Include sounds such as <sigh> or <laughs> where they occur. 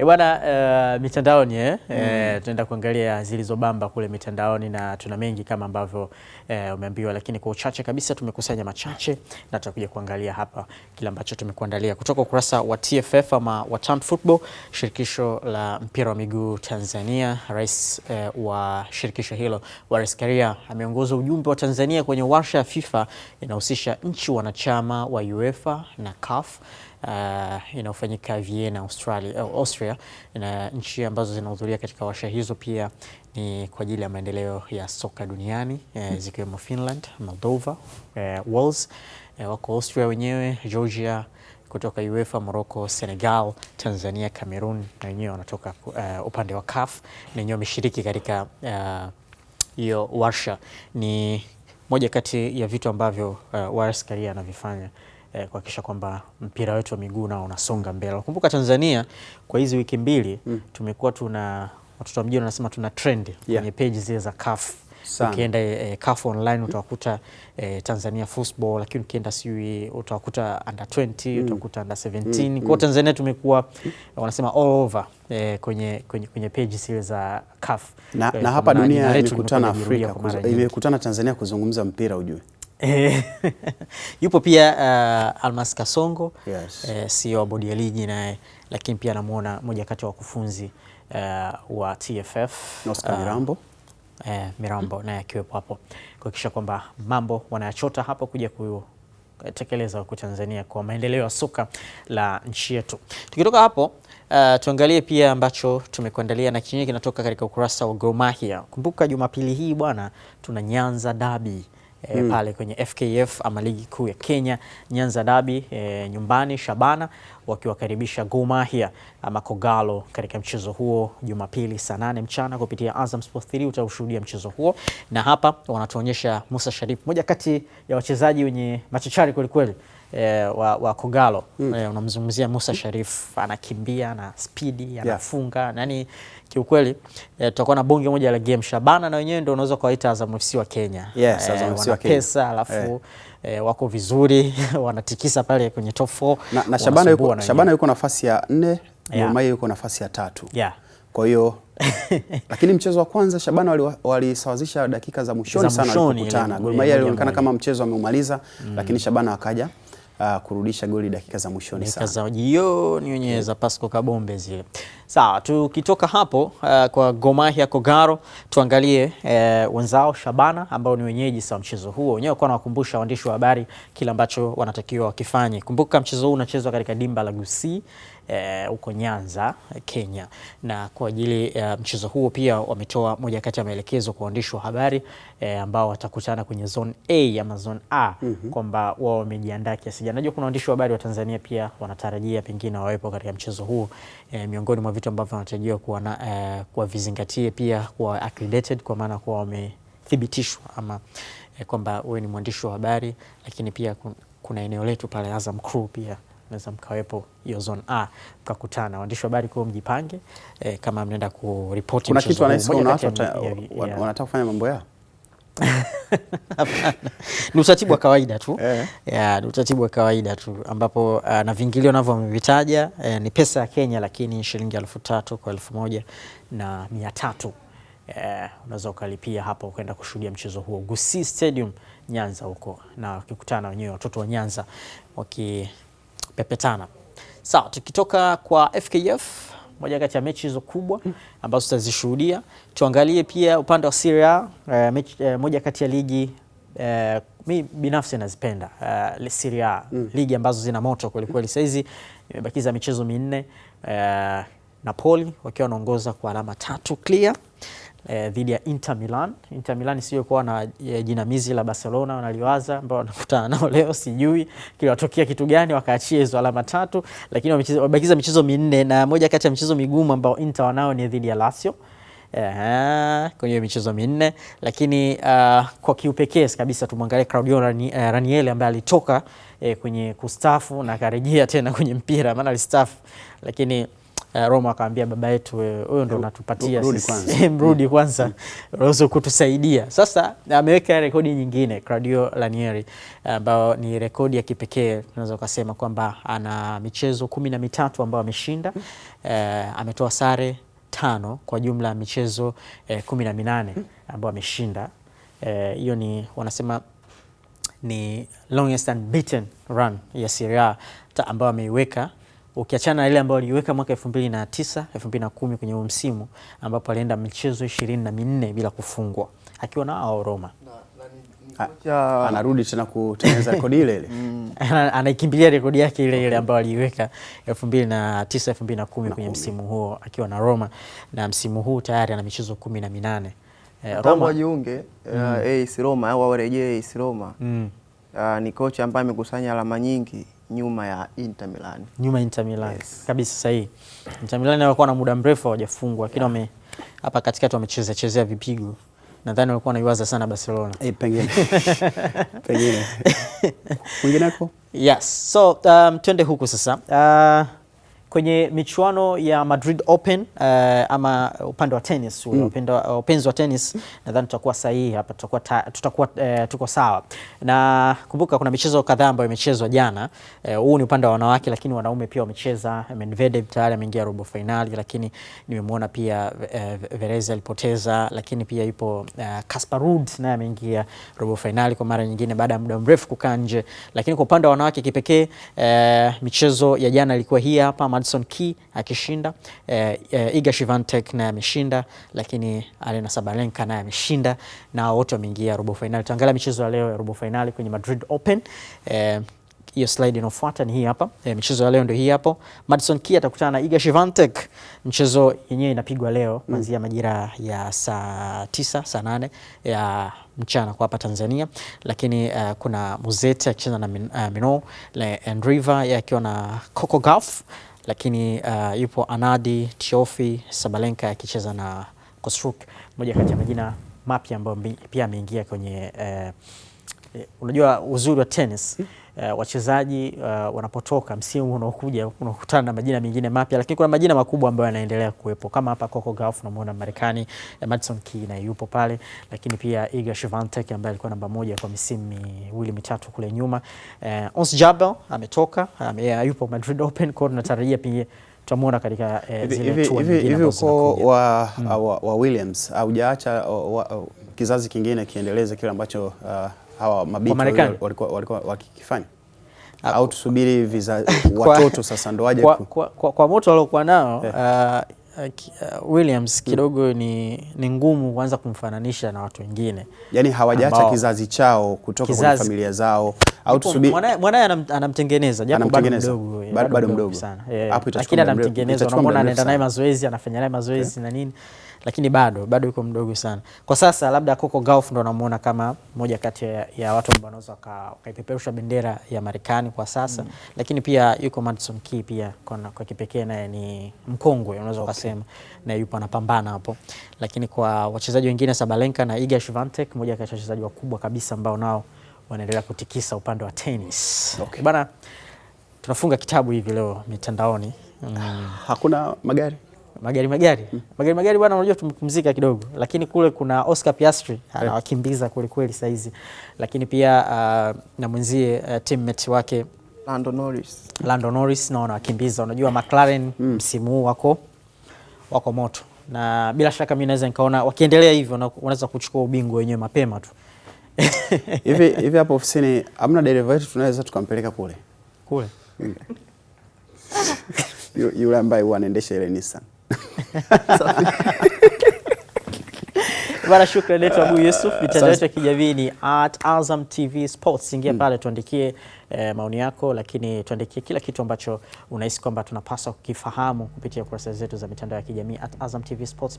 E bwana, uh, mitandaoni eh? Mm. E, tunaenda kuangalia zilizobamba kule mitandaoni na tuna mengi kama ambavyo e, umeambiwa, lakini kwa uchache kabisa tumekusanya machache na tutakuja kuangalia hapa kile ambacho tumekuandalia kutoka ukurasa wa TFF ama wa Tan Football, shirikisho la mpira wa miguu Tanzania. Rais e, wa shirikisho hilo Wallace Karia ameongoza ujumbe wa Tanzania kwenye warsha ya FIFA inahusisha nchi wanachama wa UEFA na CAF uh, inayofanyika Vienna, Australia, uh, Austria na nchi ambazo zinahudhuria katika warsha hizo pia ni kwa ajili ya maendeleo ya soka duniani eh, hmm. zikiwemo Finland, Moldova, eh, Wales, eh, wako Austria wenyewe, Georgia kutoka UEFA, Morocco, Senegal, Tanzania, Cameroon na wenyewe wanatoka uh, upande wa CAF na wenyewe wameshiriki katika eh, hiyo uh, warsha. Ni moja kati ya vitu ambavyo uh, eh, Wallace Karia anavifanya eh, kuhakikisha kwamba mpira wetu wa miguu nao unasonga mbele. Kumbuka Tanzania kwa hizi wiki mbili mm. tumekuwa tuna watoto wa mjini wanasema tuna trend yeah. kwenye peji zile za CAF ukienda eh, CAF online utawakuta eh, Tanzania football, lakini ukienda siwi utawakuta under 20 mm. utawakuta under 17 mm. mm. kwa mm. Tanzania tumekuwa eh, wanasema all over eh, kwenye, kwenye, kwenye page zile za CAF na, eh, na hapa dunia imekutana Afrika imekutana Tanzania kuzungumza mpira ujue Eh, <laughs> yupo pia uh, Almas Kasongo yes. Eh, CEO wa bodi ya ligi naye, lakini pia anamuona moja kati ya wakufunzi uh, wa TFF Oscar uh, Mirambo eh, Mirambo mm. naye akiwepo hapo kuhakikisha kwamba mambo wanayachota hapo kuja kutekeleza tekeleza huko Tanzania kwa maendeleo ya soka la nchi yetu. Tukitoka hapo uh, tuangalie pia ambacho tumekuandalia na chenyewe kinatoka katika ukurasa wa Gor Mahia. Kumbuka Jumapili hii bwana, tuna Nyanza Dabi e, mm. pale kwenye FKF ama ligi kuu ya Kenya, Nyanza Dabi e, eh, nyumbani Shabana wakiwakaribisha Gor Mahia ama Kogalo katika mchezo huo Jumapili saa nane mchana kupitia Azam Sports 3 utaushuhudia mchezo huo, na hapa wanatuonyesha Musa Sharif, moja kati ya wachezaji wenye machachari kwelikweli e, wa, wa Kogalo mm. E, unamzungumzia Musa Sharif anakimbia na spidi anafunga yeah. Nani kiukweli e, tutakuwa na bonge moja la game. Shabana na wenyewe ndio unaweza kuwaita Azam FC wa Kenya yes, e, wana wa pesa alafu yeah. E, wako vizuri <laughs> wanatikisa pale kwenye top 4 na, na Shabana yuko, na Shabana yuko nafasi ya nne yeah. Gormaia yuko nafasi ya tatu yeah. Kwa hiyo <laughs> lakini mchezo wa kwanza Shabana walisawazisha wali dakika za mwishoni sana walipokutana. Gormaia alionekana kama mchezo ameumaliza mm. Lakini Shabana akaja uh, kurudisha goli dakika za mwishoni sana. Dakika za jioni wenye za Pasco Kabombe zile. Sawa, tukitoka hapo uh, kwa Gomahia Kogaro tuangalie uh, wenzao Shabana ambao ni wenyeji sa mchezo huo wenyewe, kwa nawakumbusha waandishi wa habari kile ambacho wanatakiwa wakifanye. Kumbuka mchezo huu unachezwa katika dimba la Gusii Eh, huko eh, Nyanza Kenya, na kwa ajili ya eh, mchezo huo pia wametoa moja kati ya maelekezo kwa waandishi wa habari eh, ambao watakutana kwenye zone A ama zone A mm -hmm. kwamba wao wamejiandaa kiasi gani. Najua kuna waandishi wa habari wa Tanzania pia wanatarajia pengine wawepo katika mchezo huo eh, miongoni mwa vitu ambavyo wanatarajiwa eh, kwa vizingatie pia kuwa accredited kwa maana kuwa wamethibitishwa ama eh, kwamba wewe ni mwandishi wa habari, lakini pia kuna eneo letu pale Azam Crew pia mnaweza mkawepo hiyo zone A mkakutana. Waandishi wa habari kwa mjipange e, kama mnaenda kuripoti, kuna kitu watu wanataka kufanya mambo yao <laughs> ni utaratibu wa kawaida tu yeah. Yeah, ni utaratibu wa kawaida tu ambapo uh, na viingilio navyo wamevitaja eh, ni pesa ya Kenya lakini shilingi elfu tatu kwa elfu moja na mia tatu eh, unaweza ukalipia hapo ukaenda kushuhudia mchezo huo Gusii Stadium Nyanza huko, na wakikutana wenyewe watoto wa Nyanza waki kupepetana. Sawa, tukitoka kwa FKF, moja kati ya mechi hizo kubwa ambazo tutazishuhudia, tuangalie pia upande wa Serie A uh, moja kati ya ligi uh, mi binafsi nazipenda uh, Serie A mm. ligi ambazo zina moto kweli kweli. Sasa hizi imebakiza michezo minne uh, Napoli wakiwa wanaongoza kwa alama tatu clear, Eh, dhidi e, ya Inter Milan. Inter Milan sio isiyokuwa na eh, jinamizi la Barcelona wanaliwaza ambao wanakutana nao <laughs> leo, sijui kiliwatokea kitu gani wakaachia hizo alama tatu, lakini wamebakiza michezo minne na moja kati ya michezo migumu ambao Inter wanao ni dhidi ya Lazio kwenye michezo minne lakini uh, kwa kiupekee kabisa tumwangalie Claudio eh, Ranieri ambaye alitoka eh, kwenye kustafu na akarejea tena kwenye mpira, maana alistaafu lakini Uh, Roma akamwambia baba yetu huyo ndo unatupatia sisi, <laughs> mrudi mm. kwanza ruhusu kutusaidia. Sasa ameweka rekodi nyingine Claudio Ranieri ambayo uh, ni rekodi ya kipekee tunaweza kusema kwamba ana michezo kumi na mitatu ambayo ameshinda uh, ametoa sare tano kwa jumla ya michezo eh, kumi na minane mm. ambayo ameshinda eh, hiyo, eh, ni wanasema ni longest unbeaten run ya Serie A ambayo ameiweka ukiachana na ile ambayo aliweka mwaka 2009 2010 kwenye huo msimu ambapo alienda michezo ishirini na minne bila kufungwa akiwa na AS Roma. Ah. Ha, ah, anarudi tena kutengeneza rekodi ile ile <laughs> mm. anaikimbilia rekodi yake ile ile ambayo aliiweka 2009 2010 kwenye msimu huo akiwa na Roma, na msimu huu tayari ana michezo kumi na minane. Eh, Roma wajiunge mm. eh, AS Roma au warejee AS Roma. mm uh, ni kocha ambaye amekusanya alama nyingi nyuma ya Inter Milan. Nyuma Inter Milan. Yes. Kabisa sahihi. Inter Milan walikuwa na muda mrefu hawajafungwa lakini yeah. wame hapa katikati wamecheza chezea vipigo. Nadhani walikuwa wanaiwaza sana Barcelona. Eh, hey, pengine. <laughs> pengine. Mwingineko? <laughs> Yes. So um, twende huku sasa. Uh, kwenye michuano ya Madrid Open uh, ama upande wa tennis mm. upendo mm. upenzi wa tennis nadhani tutakuwa sahihi hapa, tutakuwa tutakuwa uh, tuko sawa, na kumbuka kuna michezo kadhaa ambayo imechezwa jana. Huu uh, ni upande wa wanawake, lakini wanaume pia wamecheza. Medvedev tayari ameingia robo finali, lakini nimemwona pia uh, Verez alipoteza, lakini pia ipo uh, Casper Ruud naye ameingia robo finali kwa mara nyingine baada ya muda mrefu kukaa nje. Lakini kwa upande wa wanawake kipekee uh, michezo ya jana ilikuwa hii hapa Madison Key akishinda e, e, Iga Swiatek naye ameshinda, lakini Aryna Sabalenka naye ameshinda na wote wameingia robo finali. Tuangalia michezo ya leo ya robo finali kwenye Madrid Open e, hiyo slide inayofuata ni hii hapa e, michezo ya leo ndio hii hapo. Madison Key atakutana na Iga Swiatek. Mchezo yenyewe inapigwa leo mm. kuanzia mm. majira ya saa tisa saa nane ya mchana kwa hapa Tanzania, lakini uh, kuna Muzeti akicheza na min, uh, Mino Le Andriva akiwa na Coco Gauff lakini uh, yupo Anadi Tiofi Sabalenka akicheza na Kosruk, moja kati ya majina mapya ambayo pia ameingia kwenye uh, eh, unajua uzuri wa tennis uh, wachezaji uh, wanapotoka msimu unaokuja unakutana na majina mengine mapya, lakini kuna majina makubwa ambayo yanaendelea kuwepo kama hapa Coco Gauff unamuona Marekani, eh, Madison Key na yupo pale, lakini pia Iga Swiatek ambaye alikuwa namba moja kwa misimu miwili mitatu kule nyuma. Eh, Ons Jabeur ametoka, eh, ame, yupo Madrid Open kwa tunatarajia pia tutamuona katika hivi hivi uko wa, mm. wa, wa Williams haujaacha kizazi kingine kiendeleze kile ambacho uh, hawa mabinti walikuwa wakikifanya ah, au tusubiri visa <laughs> watoto sasa ndo waje kwa, kwa, kwa, kwa moto waliokuwa nao yeah. uh, Uh, uh Williams mm. kidogo mm. ni, ni ngumu kuanza kumfananisha na watu wengine, yani hawajaacha kizazi chao kutoka kwa familia zao au tusubiri mwanae anamtengeneza eh, bado mdogo bado mdogo sana, eh, lakini anamtengeneza, anaenda naye mazoezi anafanya naye mazoezi eh. na nini lakini bado bado yuko mdogo sana kwa sasa. Labda Coco Gauff ndo namuona kama moja kati ya, watu ambao wanaweza wakaipeperusha bendera ya Marekani kwa sasa mm. Lakini pia yuko Madison Key pia kwa, kwa kipekee naye ni mkongwe unaweza ukasema okay. Na yupo anapambana hapo, lakini kwa wachezaji wengine Sabalenka na Iga Swiatek, moja kati ya wachezaji wakubwa kabisa ambao nao wanaendelea kutikisa upande wa tenis okay. Bana, tunafunga kitabu hivi leo mitandaoni mm. Hakuna magari magari magari mm. magari magari bwana, unajua tumepumzika kidogo, lakini kule kuna Oscar Piastri anawakimbiza yeah. kweli kweli saa hizi, lakini pia uh, na mwenzie uh, teammate wake Lando Norris, Lando Norris na wanawakimbiza. Unajua McLaren mm. msimu huu wako wako moto, na bila shaka mimi naweza nikaona wakiendelea hivyo wanaweza kuchukua ubingwa wenyewe mapema tu <laughs> hivi hivi. Hapo ofisini amna dereva wetu, tunaweza tukampeleka kule kule <laughs> yule ambaye huwa anaendesha ile Nissan. <laughs> Bwana, shukrani letu Abu Yusuf. Mitandao yetu ya kijamii ni at Azam TV Sports, ingia hmm. pale tuandikie eh, maoni yako, lakini tuandikie kila kitu ambacho unahisi kwamba tunapaswa kukifahamu kupitia kurasa zetu za mitandao ya kijamii at Azam TV Sports.